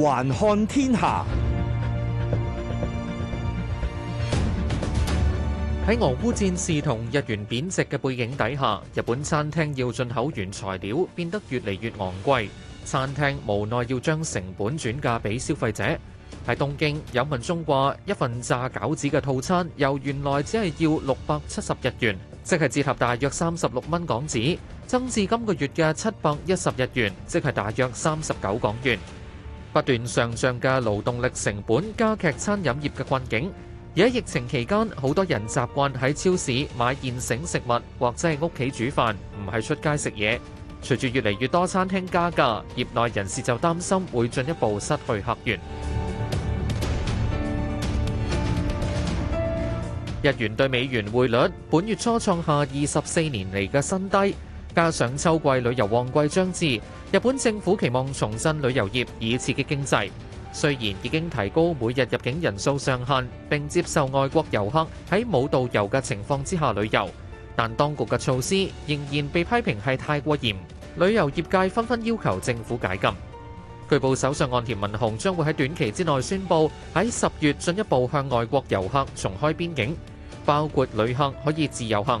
環看天下。喺俄烏戰事同日元貶值嘅背景底下，日本餐廳要進口原材料變得越嚟越昂貴，餐廳無奈要將成本轉嫁俾消費者。喺東京，有民眾話，一份炸餃子嘅套餐由原來只係要六百七十日元，即係折合大約三十六蚊港紙，增至今個月嘅七百一十日元，即係大約三十九港元。不斷上漲嘅勞動力成本加劇餐飲業嘅困境。而喺疫情期間，好多人習慣喺超市買現成食物，或者係屋企煮飯，唔係出街食嘢。隨住越嚟越多餐廳加價，業內人士就擔心會進一步失去客源。日 元對美元匯率本月初創下二十四年嚟嘅新低。加上秋季旅遊旺季將至，日本政府期望重振旅遊業以刺激經濟。雖然已經提高每日入境人數上限，並接受外國遊客喺冇導遊嘅情況之下旅遊，但當局嘅措施仍然被批評係太過嚴。旅遊業界紛紛要求政府解禁。據報，首相岸田文雄將會喺短期之內宣佈，喺十月進一步向外國遊客重開邊境，包括旅客可以自由行。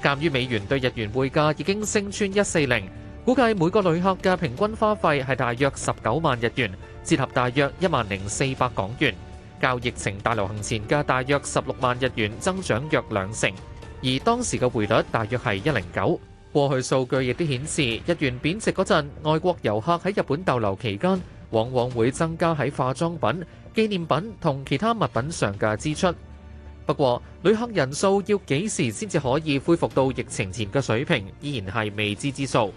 鑒於美元對日元匯價已經升穿140，估計每個旅客嘅平均花費係大約19萬日元，折合大約1萬零400港元，較疫情大流行前嘅大約16萬日元增長約兩成，而當時嘅匯率大約係109。過去數據亦都顯示，日元貶值嗰陣，外國遊客喺日本逗留期間，往往會增加喺化妝品、紀念品同其他物品上嘅支出。不過，旅客人數要幾時先至可以恢復到疫情前嘅水平，依然係未知之數。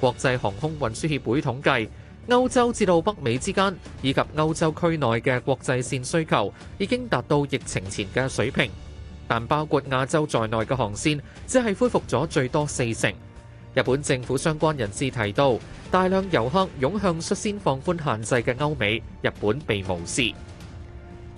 國際航空運輸協會統計，歐洲至到北美之間以及歐洲區內嘅國際線需求已經達到疫情前嘅水平，但包括亞洲在內嘅航線只係恢復咗最多四成。日本政府相關人士提到，大量遊客湧向率先放寬限制嘅歐美，日本被無視。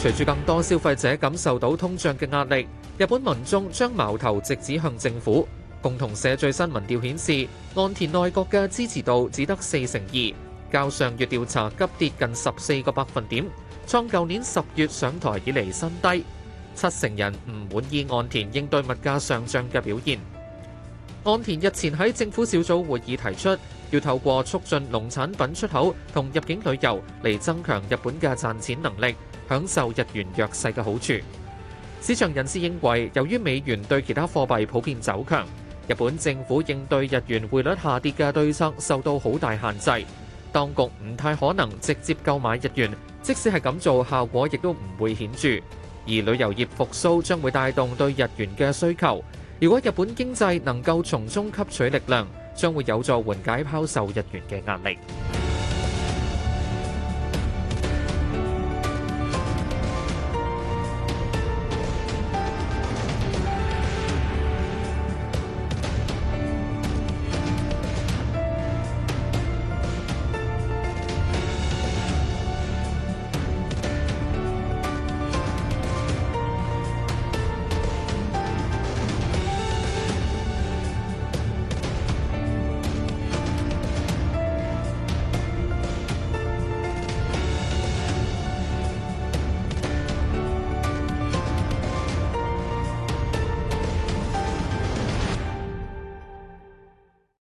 隨住更多消費者感受到通脹嘅壓力，日本民眾將矛頭直指向政府。共同社最新民調顯示，岸田內閣嘅支持度只得四成二，較上月調查急跌近十四個百分點，創舊年十月上台以嚟新低。七成人唔滿意岸田應對物價上漲嘅表現。岸田日前喺政府小組會議提出，要透過促進農產品出口同入境旅遊嚟增強日本嘅賺錢能力，享受日元弱勢嘅好處。市場人士認為，由於美元對其他貨幣普遍走強，日本政府應對日元匯率下跌嘅對策受到好大限制。當局唔太可能直接購買日元，即使係咁做，效果亦都唔會顯著。而旅遊業復甦將會帶動對日元嘅需求。如果日本經濟能夠從中吸取力量，將會有助緩解拋售日元嘅壓力。